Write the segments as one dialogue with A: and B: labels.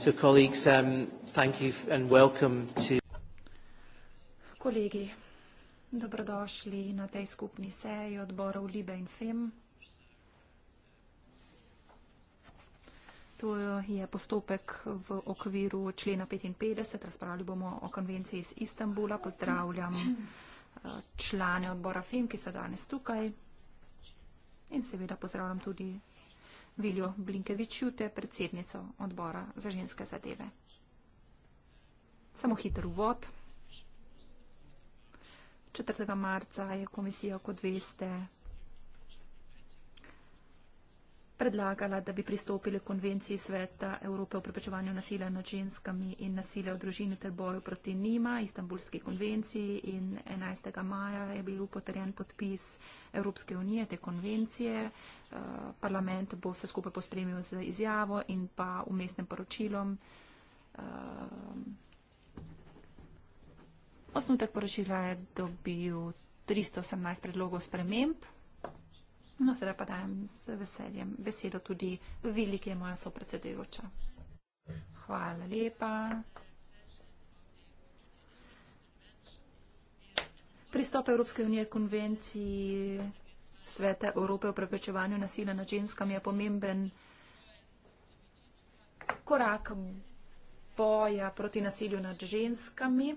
A: So colleagues, um, thank you and welcome to
B: Kolegi, dobrodošli na tej skupni seji odborov Libe in FEM. To je postopek v okviru člena 55. Razpravljali bomo o konvenciji iz Istanbula. Pozdravljam eh, člane odbora FEM, ki so danes tukaj. In seveda pozdravljam tudi Viljo Blinkevičjute, predsednico odbora za ženske zadeve. Samo hiter uvod. 4. marca je komisija, kot veste, predlagala, da bi pristopili konvenciji Sveta Evrope o preprečevanju nasilja nad ženskami in nasilja v družini ter boju proti njima, istambulski konvenciji in 11. maja je bil potrjen podpis Evropske unije te konvencije. Eh, parlament bo se skupaj pospremil z izjavo in pa umestnem poročilom. Eh, osnutek poročila je dobil 318 predlogov sprememb. No, sedaj pa dajem z veseljem besedo tudi Vili, ki je moja sopredsedujoča. Hvala lepa. Pristop Evropske unije konvenciji Sveta Evrope o preprečevanju nasilja nad ženskami je pomemben korak boja proti nasilju nad ženskami.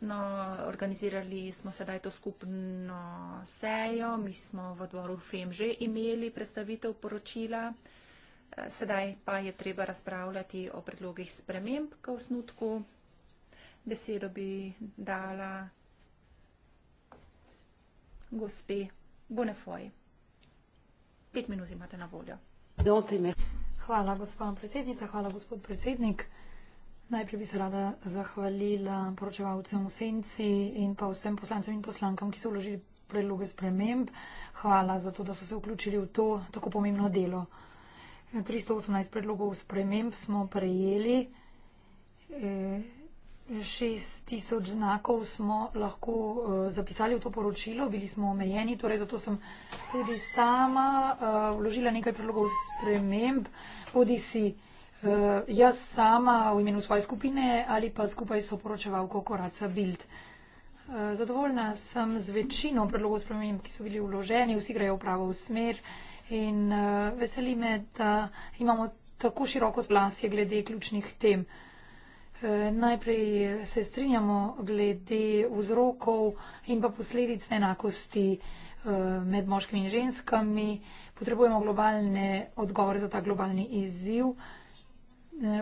B: No, organizirali smo sedaj to skupno sejo, mi smo v odboru FEM že imeli predstavitev poročila, eh, sedaj pa je treba razpravljati o predlogih sprememb k osnutku. Besedo bi dala gospe Bonefoj.
C: Pet minut imate na voljo. Hvala, gospod predsednica, hvala, gospod predsednik. Najprej bi se rada zahvalila poročevalcem v senci in pa vsem poslancem in poslankam, ki so vložili predloge sprememb. Hvala za to, da so se vključili v to tako pomembno delo. 318 predlogov sprememb smo prejeli, 6000 eh, znakov smo lahko eh, zapisali v to poročilo, bili smo omejeni, torej zato sem tudi sama eh, vložila nekaj predlogov sprememb, bodi si. Uh, jaz sama v imenu svoje skupine ali pa skupaj so poročevalko Koraca Bild. Eh, zadovoljna sem z večino predlogov sprememb, ki so bili vloženi, vsi grejo v pravo smer in eh, veseli me, da imamo tako široko zglasje glede ključnih tem. Najprej se strinjamo glede vzrokov in pa posledic enakosti med moškimi in ženskami. Potrebujemo globalne odgovore za ta globalni izziv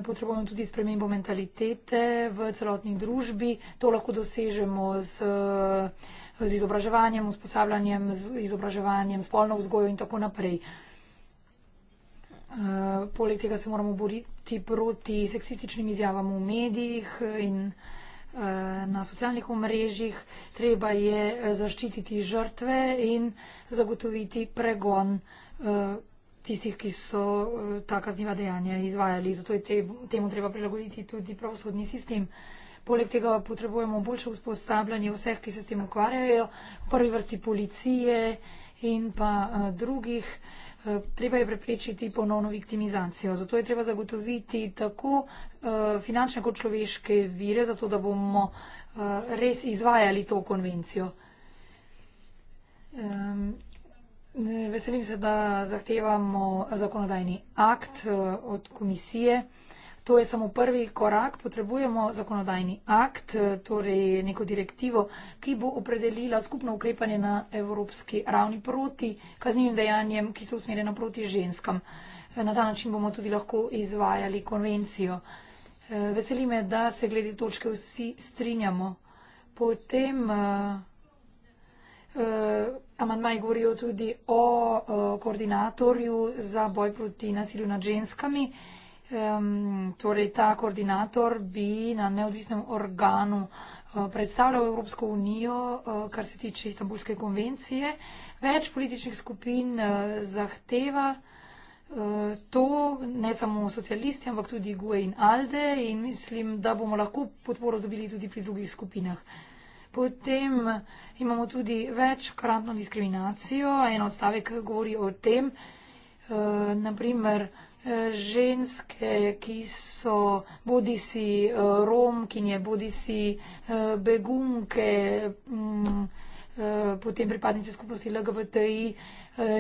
C: potrebujemo tudi spremembo mentalitete v celotni družbi. To lahko dosežemo z, z izobraževanjem, usposabljanjem, z izobraževanjem, spolno vzgojo in tako naprej. Eh, poleg tega se moramo boriti proti seksističnim izjavam v medijih in eh, na socialnih omrežjih. Treba je eh, zaščititi žrtve in zagotoviti pregon tistih, ki so eh, ta kazniva dejanja izvajali. Zato je te, temu treba prilagoditi tudi pravosodni sistem. Poleg tega potrebujemo boljše usposabljanje vseh, ki se s tem ukvarjajo, v prvi vrsti policije in pa eh, drugih. Eh, treba je preprečiti ponovno viktimizacijo. Zato je treba zagotoviti tako finančne kot človeške vire, zato da bomo res izvajali to konvencijo. Ehm, Veselim se, da zahtevamo zakonodajni akt eh, od komisije. To je samo prvi korak, potrebujemo zakonodajni akt, eh, torej neko direktivo, ki bo opredelila skupno ukrepanje na evropski ravni proti kaznjivim dejanjem, ki so usmerjena proti ženskam. Eh, na ta način bomo tudi lahko izvajali konvencijo. Veseli me, da se glede točke vsi strinjamo. Potem Amandmaji govorijo tudi o uh, koordinatorju za boj proti nasilju nad ženskami. Um, torej, ta koordinator bi na neodvisnem organu e, predstavljal Evropsko unijo, e, kar se tiče Istanbulske konvencije. Več političnih skupin e, zahteva to, ne samo socialisti, ampak tudi GUE in ALDE in mislim, da bomo lahko podporo dobili tudi pri drugih skupinah. Potem eh, imamo tudi večkratno diskriminacijo, en odstavek govori o tem, e, eh, naprimer eh, ženske, ki so bodi si romkinje, bodi si begunke, mm, potem pripadnice skupnosti LGBTI,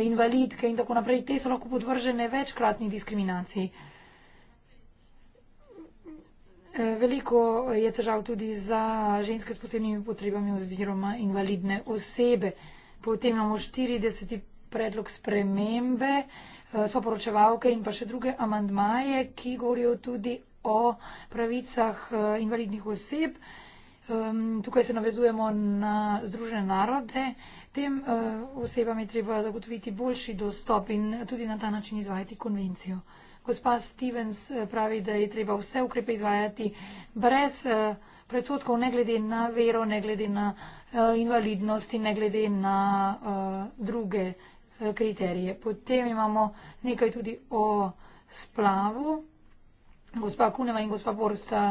C: invalidke in tako naprej, te so lahko podvržene večkratni diskriminaciji. Eh, veliko je težav tudi za ženske s posebnimi potrebami oziroma invalidne osebe. Potem imamo 40. predlog spremembe, eh, soporočevalke in pa še druge amandmaje, ki govorijo tudi o pravicah eh, invalidnih oseb. Tukaj se navezujemo na Združene narode. Tem osebam je treba zagotoviti boljši dostop in tudi na ta način izvajati konvencijo. Gospa Stevens eh, pravi, da je treba vse ukrepe izvajati brez eh, predsotkov, ne glede na vero, ne glede na eh, invalidnosti, ne glede na druge kriterije. Potem imamo nekaj tudi o splavu. Gospa Kuneva in gospa Borsta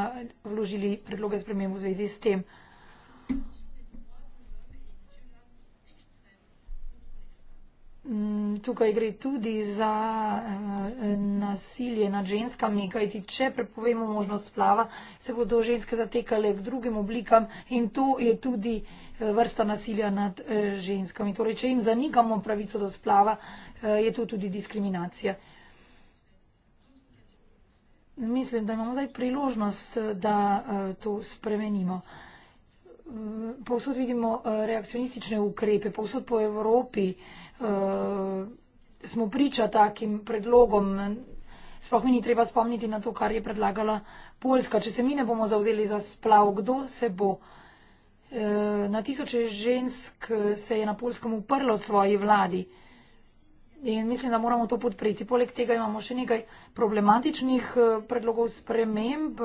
C: vložili predloge spremembo v zvezi s tem. Mm, tukaj gre tudi za eh, nasilje nad ženskami, kajti če prepovemo možnost splava, se bodo ženske zatekale k drugim oblikam in to je tudi eh, vrsta nasilja nad eh, ženskami. Torej, če jim zanikamo pravico do splava, je to tudi diskriminacija. Mislim, da imamo zdaj priložnost, da to spremenimo povsod vidimo eh, reakcionistične ukrepe, povsod po Evropi eh, smo priča takim predlogom. Sploh mi ni treba spomniti na to, kar je predlagala Poljska. Če se mi ne bomo zauzeli za splav, kdo se bo? Eh, na tisoče žensk se je na Poljskem uprlo svoji vladi in mislim, da moramo to podpreti. Poleg tega imamo še nekaj problematičnih predlogov sprememb.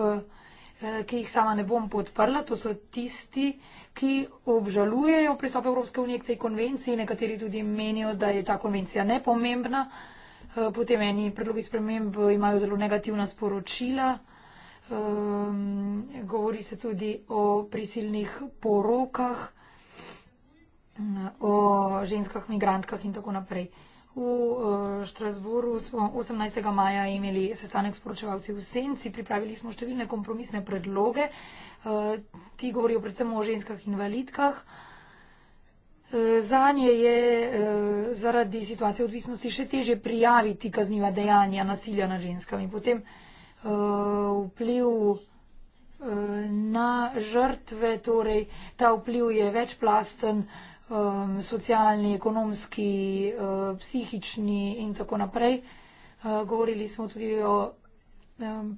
C: Eh, ki jih sama ne bom podprla, to so tisti, ki obžalujejo pristop Evropske unije k tej konvenciji, nekateri tudi menijo, da je ta konvencija nepomembna, eh, potem eni predlogi sprememb imajo zelo negativna sporočila, ehm, govori se tudi o prisilnih porokah, o ženskah, migrantkah in tako naprej. V eh, Štrasburu smo 18. maja imeli sestanek s poročevalci v Senci, pripravili smo številne kompromisne predloge. Eh, ti govorijo predvsem o ženskah invalidkah. Eh, Za nje je zaradi situacije odvisnosti še teže prijaviti kazniva dejanja nasilja nad ženskami. Potem vpliv na žrtve, torej ta vpliv je večplasten um, socialni, ekonomski, uh, psihični in tako naprej. Uh, govorili smo tudi o um,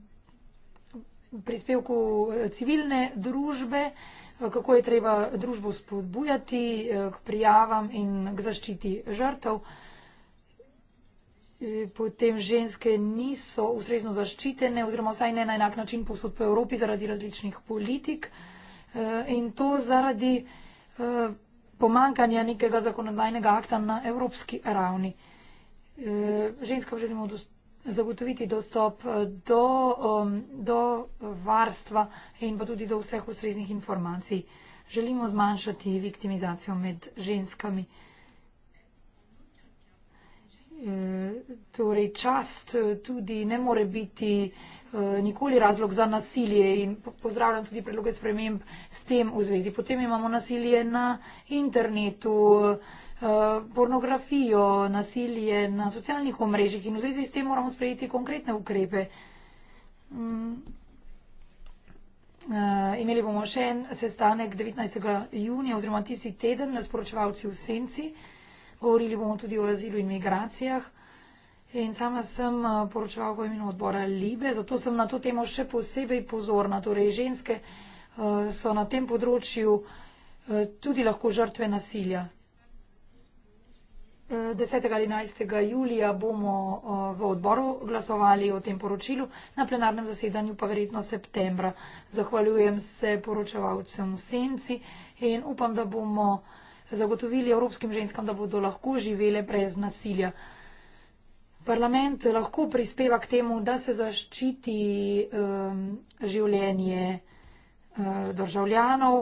C: prispevku uh, civilne družbe, uh, kako je treba družbo spodbujati uh, k prijavam in k zaščiti žrtev. Potem ženske niso ustrezno zaščitene oziroma vsaj ne na enak način posod po Evropi zaradi različnih politik in to zaradi pomankanja nekega zakonodajnega akta na evropski ravni. Eh, ženskam želimo zagotoviti dostop eh, do, um, do varstva in pa tudi do vseh ustreznih informacij. Želimo zmanjšati viktimizacijo med ženskami. Eh, torej, čast tudi ne more biti Eh, nikoli razlog za nasilje in pozdravljam tudi predloge sprememb s tem v zvezi. Potem imamo nasilje na internetu, eh, pornografijo, nasilje na socialnih omrežjih in v zvezi s tem moramo sprejeti konkretne ukrepe. Mm, eh, imeli bomo še en sestanek 19. junija oziroma tisti teden na sporočevalci v Senci. Govorili bomo tudi o azilu in migracijah. In sama sem eh, poročevala v imenu odbora Libe, zato sem na to temo še posebej pozorna. Torej, ženske eh, so na tem področju eh, tudi lahko žrtve nasilja. 10. ali 11. julija bomo v odboru glasovali o tem poročilu, na plenarnem zasedanju pa verjetno septembra. Zahvaljujem se poročevalcem v senci in upam, da bomo zagotovili evropskim ženskam, da bodo lahko živele brez nasilja. Parlament lahko prispeva k temu, da se zaščiti um, življenje uh, državljanov.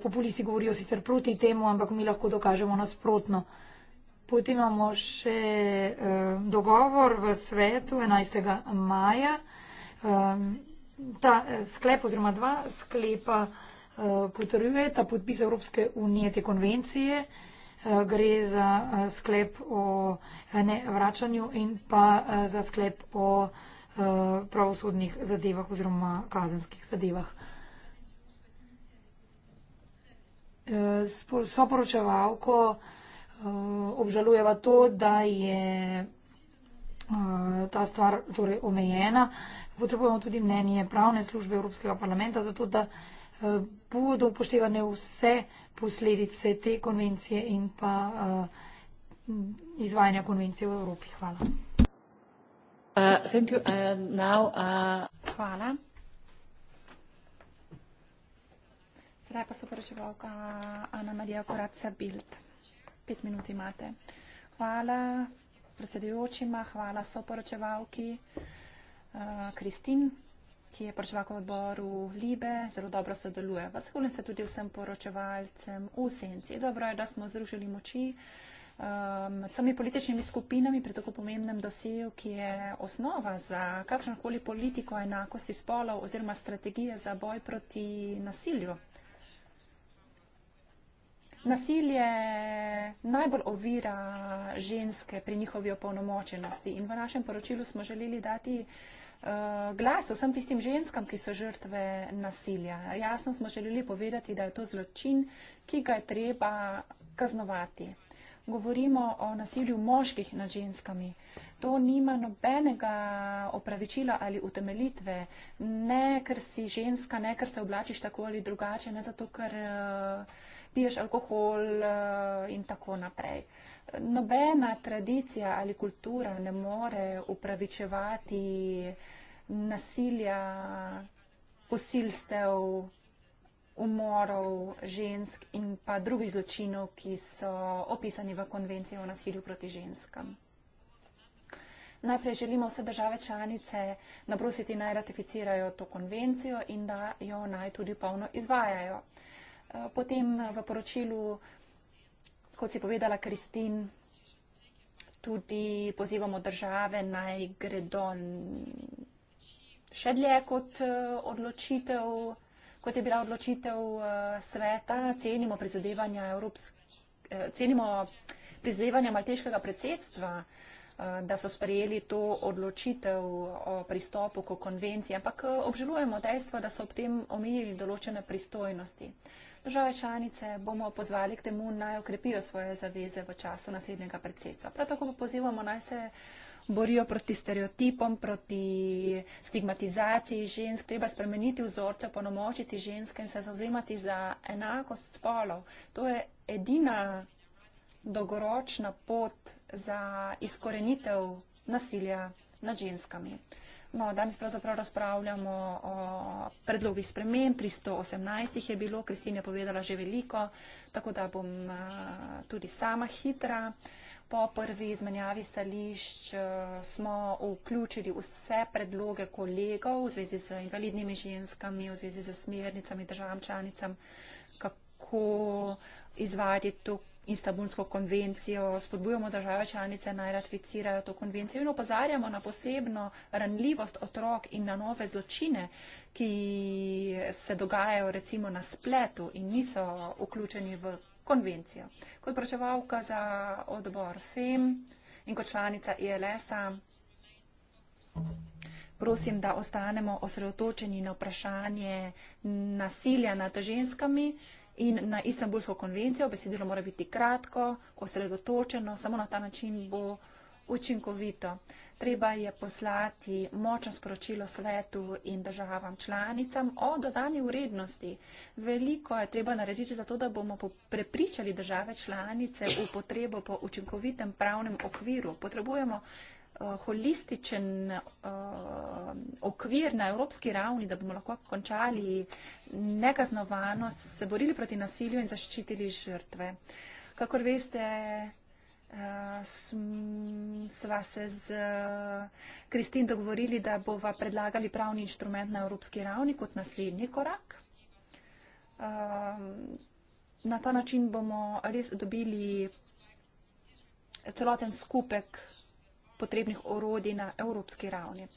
C: Populisti govorijo sicer proti temu, ampak mi lahko dokažemo nasprotno. Potem imamo še um, dogovor v svetu 11. maja. Um, ta eh, sklep oziroma dva sklepa uh, potrjuje ta podpis Evropske unije te konvencije. Uh, Eh, gre za eh, sklep o nevračanju in pa eh, za sklep o pravosodnih zadevah oziroma kazenskih zadevah. Soporočevalko obžalujeva to, da je ta stvar torej omejena. Potrebujemo tudi mnenje pravne službe Evropskega parlamenta, zato da bodo upoštevane vse posledice te konvencije in pa uh, izvajanja konvencije v Evropi. Hvala.
B: Uh, you, uh, now, uh... Hvala. Sedaj pa so vprašavka Ana Marija Koraca Bild. Pet minut imate. Hvala predsedujočima, hvala soporočevalki. Eh, Kristin, uh, ki je pri švakovem odboru Libe, zelo dobro sodeluje. Zahvaljujem se tudi vsem poročevalcem v senci. Dobro je, da smo združili moči um, med um, samimi političnimi skupinami pri tako pomembnem dosegu, ki je osnova za kakršnokoli politiko enakosti spolov oziroma strategije za boj proti nasilju. Nasilje najbolj ovira ženske pri njihovi opolnomočenosti in v našem poročilu smo želeli dati uh, Eh, glas vsem tistim ženskam, ki so žrtve nasilja. Jasno smo želeli povedati, da je to zločin, ki ga je treba kaznovati. Govorimo o nasilju moških nad ženskami. To nima nobenega opravičila ali utemelitve. Ne, ker si ženska, ne, ker se oblačiš tako ali drugače, ne zato, ker. Uh, piješ alkohol eh, in tako naprej. Nobena tradicija ali kultura ne more upravičevati nasilja, posilstev, umorov žensk in pa drugih zločinov, ki so opisani v konvenciji o nasilju proti ženskam. Najprej želimo vse države članice naprositi naj ratificirajo to konvencijo in da jo naj tudi polno izvajajo. Potem eh, v poročilu, kot si povedala, Kristin, tudi pozivamo države naj gredo še dlje kot eh, odločitev, kot je bila odločitev eh, sveta. Cenimo prizadevanja, Evropsk, cenimo prizadevanja malteškega predsedstva. Eh, da so sprejeli to odločitev o pristopu k konvenciji, ampak eh, obžalujemo dejstvo, da so ob tem omejili določene pristojnosti. Države članice bomo pozvali k temu, naj okrepijo svoje zaveze v času naslednjega predsedstva. Prav tako pa pozivamo, naj se borijo proti stereotipom, proti stigmatizaciji žensk, treba spremeniti vzorce, ponomočiti ženske in se zauzemati za enakost spolov. To je edina dolgoročna pot za izkorenitev nasilja nad ženskami. No, danes pravzaprav razpravljamo o predlogih spremen, pri 118 jih je bilo, Kristina je povedala že veliko, tako da bom eh, tudi sama hitra. Po prvi izmenjavi stališč eh, smo vključili vse predloge kolegov v zvezi z invalidnimi ženskami, v zvezi z smernicami državam članicam, kako izvajati to Istanbulsko konvencijo, spodbujamo države članice naj ratificirajo to konvencijo in opozarjamo na posebno ranljivost otrok in na nove zločine, ki se dogajajo recimo na spletu in niso vključeni v konvencijo. Kot vpraševalka za odbor FEM in kot članica ILS-a. E prosim, da ostanemo osredotočeni na vprašanje nasilja nad ženskami in na Istanbulsko konvencijo. Besedilo mora biti kratko, osredotočeno, samo na ta način bo učinkovito. Treba je poslati močno sporočilo svetu in državam članicam o dodani urednosti. Veliko je treba narediti za to, da bomo prepričali države članice v potrebo po učinkovitem pravnem okviru. Potrebujemo Eh, holističen uh, okvir na evropski ravni, da bomo lahko končali nekaznovanost, se borili proti nasilju in zaščitili žrtve. Kakor veste, uh, sva se z Kristin dogovorili, da bova predlagali pravni inštrument na evropski ravni kot naslednji korak. Uh, na ta način bomo res dobili celoten skupek potrebnih orodij na evropski ravni.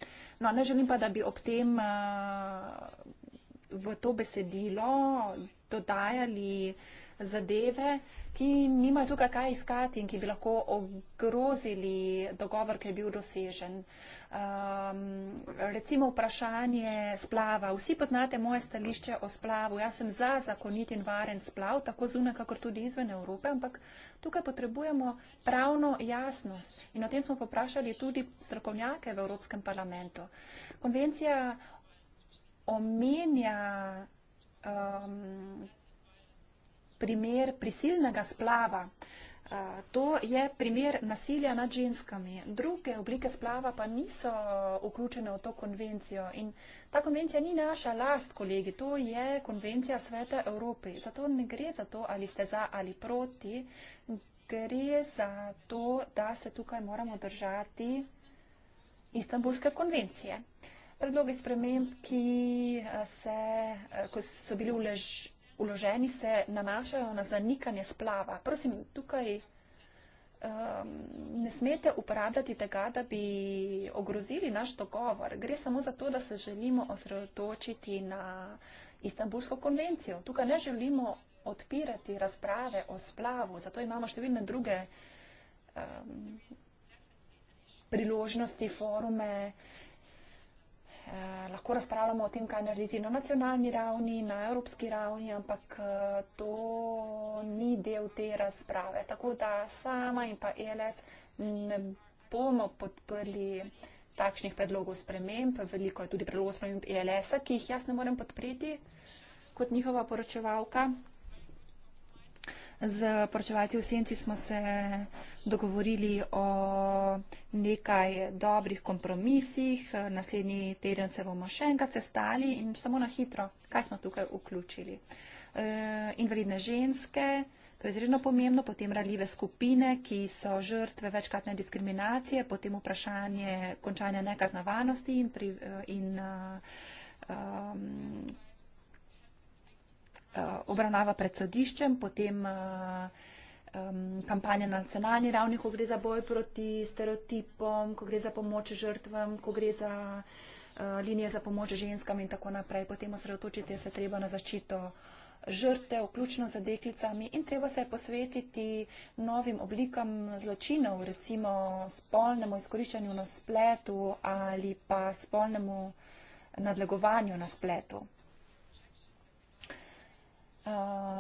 B: No, ne želim pa, da bi ob tem eh, v to besedilo dodajali zadeve, ki nimajo tukaj kaj iskati in ki bi lahko ogrozili dogovor, ki je bil dosežen. Um, recimo vprašanje splava. Vsi poznate moje stališče o splavu. Jaz sem za zakonit in varen splav, tako zunaj, kakor tudi izven Evrope, ampak tukaj potrebujemo pravno jasnost. In o tem smo poprašali tudi strokovnjake v Evropskem parlamentu. Konvencija omenja. Um, primer prisilnega splava. Uh, to je primer nasilja nad ženskami. Druge oblike splava pa niso vključene v to konvencijo. In ta konvencija ni naša last, kolegi, to je konvencija Sveta Evrope. Zato ne gre za to, ali ste za ali proti, gre za to, da se tukaj moramo držati istambulske konvencije. Predlogi sprememb, ki eh, se, eh, so bili vlež, vloženi se nanašajo na zanikanje splava. Prosim, tukaj um, ne smete uporabljati tega, da bi ogrozili naš dogovor. Gre samo za to, da se želimo osredotočiti na Istanbulsko konvencijo. Tukaj ne želimo odpirati razprave o splavu, zato imamo številne druge um, priložnosti, forume. Uh, Eh, lahko razpravljamo o tem, kaj narediti na nacionalni ravni, na evropski ravni, ampak eh, to ni del te razprave. Tako da sama in pa ELS ne bomo podprli takšnih predlogov sprememb. Veliko je tudi predlogov sprememb ELS-a, ki jih jaz ne morem podpreti kot njihova poročevalka. Z poročevalci v Senci smo se dogovorili o nekaj dobrih kompromisih. Naslednji teden se bomo še enkrat sestali in samo na hitro, kaj smo tukaj vključili. E, invalidne ženske, to je izredno pomembno, potem ranljive skupine, ki so žrtve večkratne diskriminacije, potem vprašanje končanja nekaznovanosti in, pri, e, in um, obravnava pred sodiščem, potem uh, um, kampanja na nacionalni ravni, ko gre za boj proti stereotipom, ko gre za pomoč žrtvam, ko gre za uh, linije za pomoč ženskam in tako naprej. Potem osredotočiti se treba na zaščito žrte, vključno za deklicami in treba se posvetiti novim oblikam zločinov, recimo spolnemu izkoriščanju na spletu ali pa spolnemu nadlegovanju na spletu.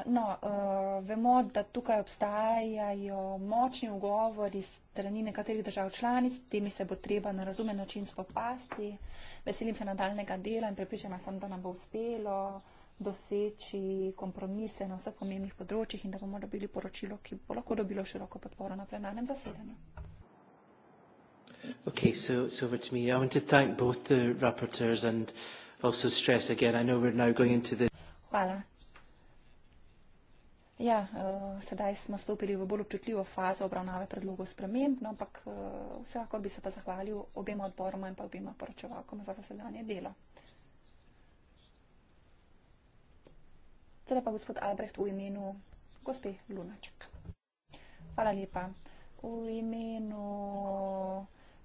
B: No, eh, vemo, da tukaj obstajajo močni ugovori strani nekaterih držav članic, temi se bo treba na razumen način spopasti. Veselim se nadaljnega dela in prepričana sem, da nam bo uspelo doseči kompromise na vseh pomembnih področjih in da bomo dobili poročilo, ki bo lahko dobilo široko podporo na plenarnem zasedanju.
A: Okay, so, so over to me. I want to thank both the rapporteurs and also stress again, I know we're now going into the...
B: Hvala. Ja, uh, sedaj smo stopili v bolj občutljivo fazo obravnave predlogov sprememb, no, ampak uh, vsekakor bi se pa zahvalil obema odboroma in pa obema poročevalkom za zasedanje delo. Sedaj pa gospod Albrecht v imenu gospe Lunaček. Hvala lepa. V imenu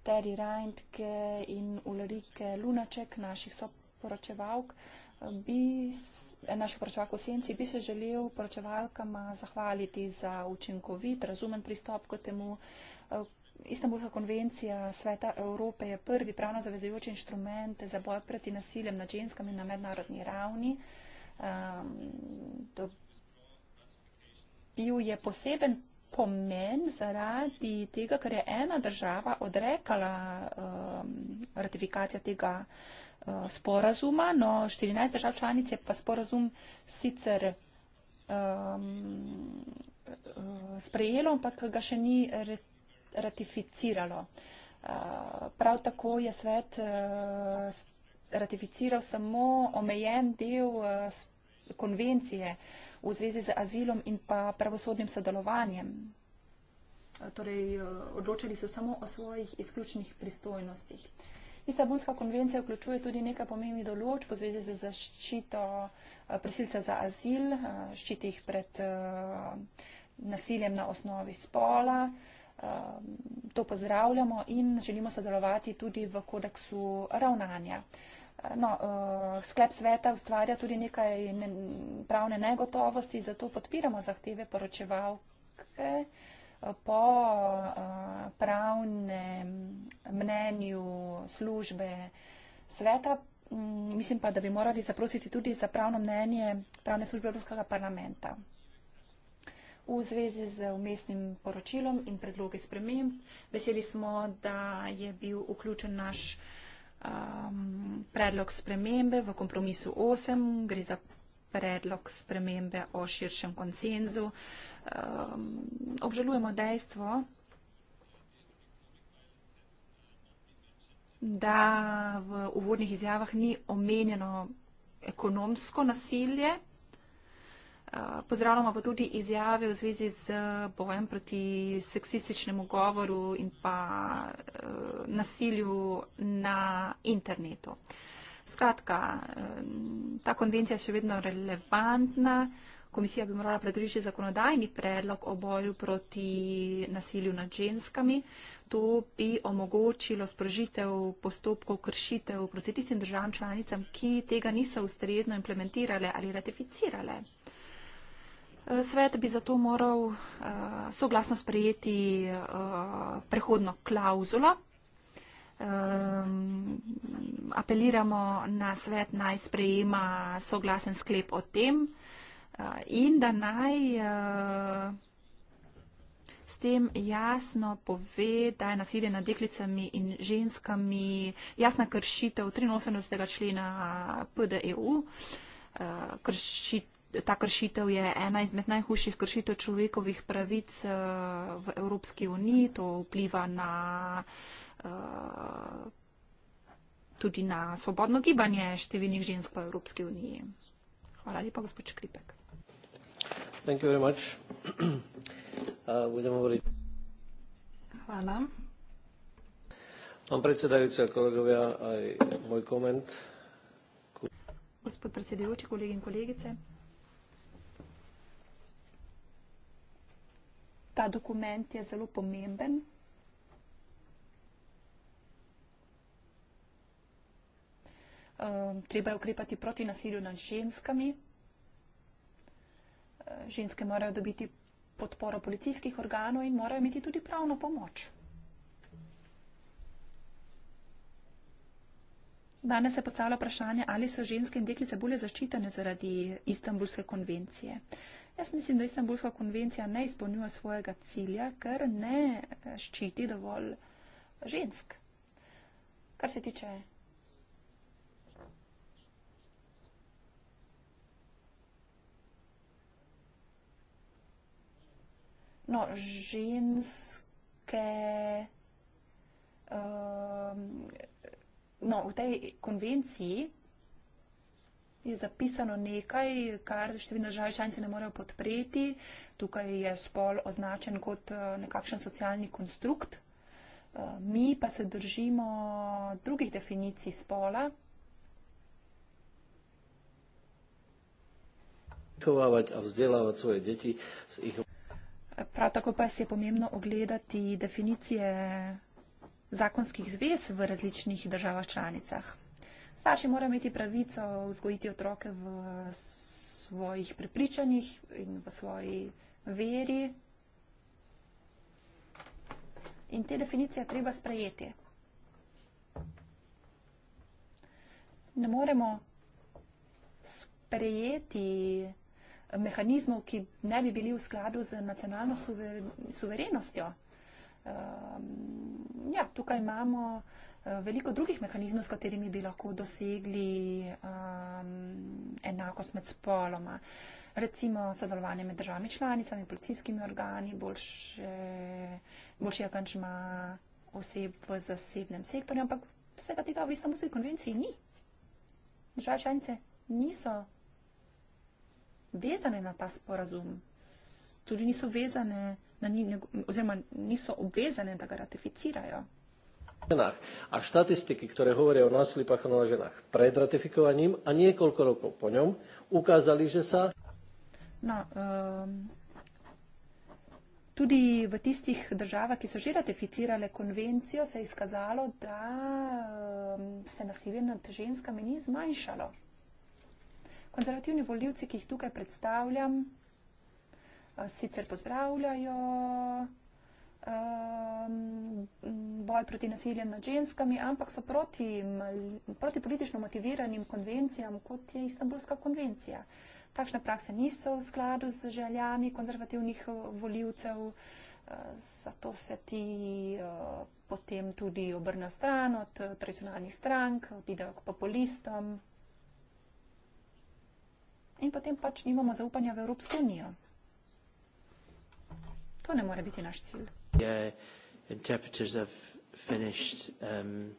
B: Terry Reintke in Ulrike Lunaček, naših soporočevalk, eh, bi se naših poročevalk v senci, bi se želel poročevalkama zahvaliti za učinkovit, razumen pristop k temu. Eh, Istanbulska konvencija Sveta Evrope je prvi pravno zavezujoč inštrument za boj proti nasiljem nad ženskami na mednarodni ravni. Um, ehm, to bil je poseben pomen zaradi tega, ker je ena država odrekala um, ratifikacijo tega uh, sporazuma, no 14 držav članic je pa sporazum sicer um, sprejelo, ampak ga še ni ratificiralo. Uh, prav tako je svet uh, ratificiral samo omejen del uh, konvencije v zvezi z azilom in pa pravosodnim sodelovanjem. Torej, odločili so samo o svojih izključnih pristojnostih. Uh, Istanbulska konvencija vključuje tudi nekaj pomembnih določb v zvezi z zaščito eh, prosilca za azil, eh, ščiti jih pred eh, nasiljem na osnovi spola. To pozdravljamo in želimo sodelovati tudi v kodeksu ravnanja. No, sklep sveta ustvarja tudi nekaj pravne negotovosti, zato podpiramo zahteve poročevalke po eh, pravnem mnenju službe sveta, mm, mislim pa, da bi morali zaprositi tudi za pravno mnenje pravne službe Evropskega parlamenta v zvezi z umestnim poročilom in predlogi sprememb. Veseli smo, da je bil vključen naš um, predlog spremembe v kompromisu 8. Gre za predlog spremembe o širšem koncenzu. Um, ehm, obžalujemo dejstvo, da v uvodnih izjavah ni omenjeno ekonomsko nasilje. Ehm, pozdravljamo pa tudi izjave v zvezi z bojem proti seksističnemu govoru in pa ehm, nasilju na internetu. Skratka, eh, ta konvencija je še vedno relevantna. Komisija bi morala predložiti zakonodajni predlog o boju proti nasilju nad ženskami. To bi omogočilo sprožitev postopkov kršitev proti tistim državam članicam, ki tega niso ustrezno implementirale ali ratificirale. Eh, Svet bi zato moral uh, soglasno sprejeti uh, prehodno klauzulo, um, apeliramo na svet naj sprejema soglasen sklep o tem uh, in da naj uh, s tem jasno pove, da je nasilje nad deklicami in ženskami jasna kršitev 83. člena eh, PDEU. Kršit, ta kršitev je ena izmed najhujših kršitev človekovih pravic v Evropski uniji. To vpliva na uh, Eh, tudi na svobodno gibanje številnih žensk v Evropski uniji. Hvala lepa, gospod Škripek.
A: Uh, Hvala. Vam predsedajoča, kolegovja, aj moj koment.
B: Gospod predsedajoči, kolegi in kolegice. Ta dokument je zelo pomemben. Ehm, treba je ukrepati proti nasilju nad ženskami. Ehm, ženske morajo dobiti podporo policijskih organov in morajo imeti tudi pravno pomoč. Danes se postavlja vprašanje, ali so ženske in deklice bolje zaščitene zaradi Istanbulske konvencije. Jaz mislim, da Istanbulska konvencija ne izpolnjuje svojega cilja, ker ne ščiti dovolj žensk. Kar se tiče no, ženske. Um, no, v tej konvenciji je zapisano nekaj, kar številne države članice ne morejo podpreti. Tukaj je spol označen kot uh, nekakšen socialni konstrukt. Uh, mi pa se držimo drugih definicij spola.
A: Vzdelavati svoje deti.
B: Prav tako pa je pomembno ogledati definicije zakonskih zvez v različnih državah članicah. Starši morajo imeti pravico vzgojiti otroke v svojih prepričanjih in v svoji veri. In te definicije treba sprejeti. Ne moremo sprejeti mehanizmov, ki ne bi bili v skladu z nacionalno suver, suverenostjo. Uh, ja, tukaj imamo eh, veliko drugih mehanizmov, s katerimi bi lahko dosegli um, enakost med spoloma. Recimo sodelovanje med državami članicami, policijskimi organi, boljše, boljše akančma oseb v zasebnem sektorju, ampak vsega tega v Istanbulski konvenciji ni. Države članice niso vezane na ta sporazum, tudi niso vezane, oziroma niso obvezane, da ga ratificirajo.
A: A štatistiky, ktoré hovoria o násilipách na ženách pred ratifikovaním a niekoľko rokov po ňom, ukázali, že sa...
B: No, um, tudi v tistih državah, ki so že ratificirale konvencijo, se je izkazalo, da um, se nasilje nad ženskami ni zmanjšalo konzervativni voljivci, ki jih tukaj predstavljam, eh, sicer pozdravljajo um, boj proti nasiljem nad ženskami, ampak so proti, proti politično motiviranim konvencijam, kot je Istanbulska konvencija. Takšne prakse niso v skladu z željami konzervativnih eh, voljivcev, eh, zato se ti potem tudi obrnejo stran od tradicionalnih strank, odidejo k populistom in potem pač nimamo zaupanja v Evropsko unijo. To ne more biti naš cilj.
A: Yeah, uh, um,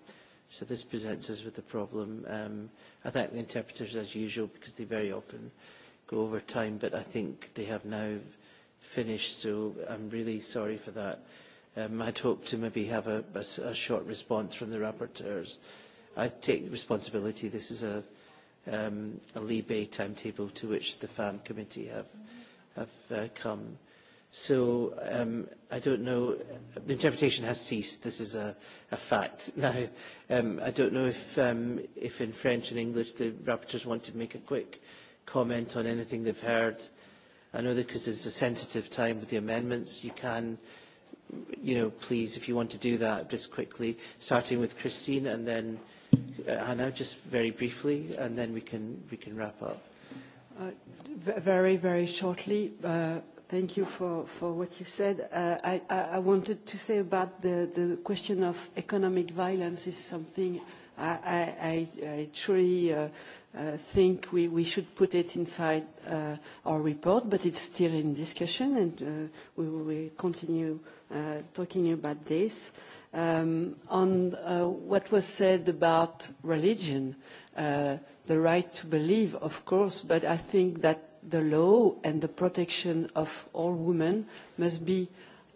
A: So this presents us with a problem. Um, I thank the interpreters as usual because they very often go over time, but I think they have now finished, so I'm really sorry for that. Um, I'd hope to maybe have a, a, a short response from the rapporteurs. I take responsibility. This is a, um, a Libe timetable to which the FAM committee have, have uh, come. So um, I don't know, the interpretation has ceased, this is a, a fact. Now, um, I don't know if, um, if in French and English the rapporteurs want to make a quick comment on anything they've heard. I know that because it's a sensitive time with the amendments, you can, you know, please, if you want to do that, just quickly, starting with Christine and then uh, now just very briefly and then we can we can wrap up uh, very very shortly uh, thank you for for what you said uh, I, I wanted to say about the the question of economic violence is something I, I, I truly uh, uh, think we, we should put it inside uh, our report, but it's still in discussion, and uh, we will continue uh, talking about this. Uh, um, on uh, what was said about religion, uh, the right to believe, of course, but I think that the law and the protection of all women must be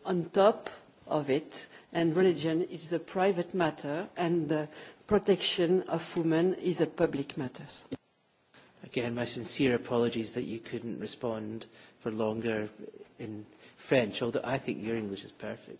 A: on top of it, and religion is a private matter, and the protection of women is a public matter. Again, my sincere apologies that you couldn't respond for longer in French, although I think your English is perfect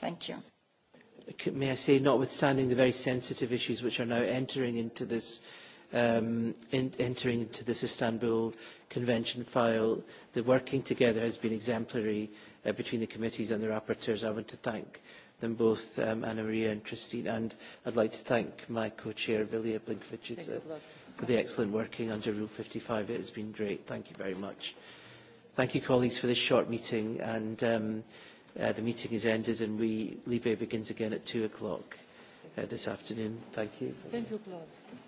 B: Thank you.
A: May I say, notwithstanding the very sensitive issues which are now entering into this, um, in, entering into this Istanbul Convention file, the working together has been exemplary uh, between the committees and the rapporteurs. I want to thank them both, um, Anna Maria and Christine, and I'd like to thank my co-chair, Vilja Blinkovic, uh, for the excellent working under Rule 55. It has been great. Thank you very much. Thank you, colleagues, for this short meeting. And, um, Uh, the meeting is ended and we libe begins again at two o'clock uh, this afternoon. Thank you. Thank you, Claude.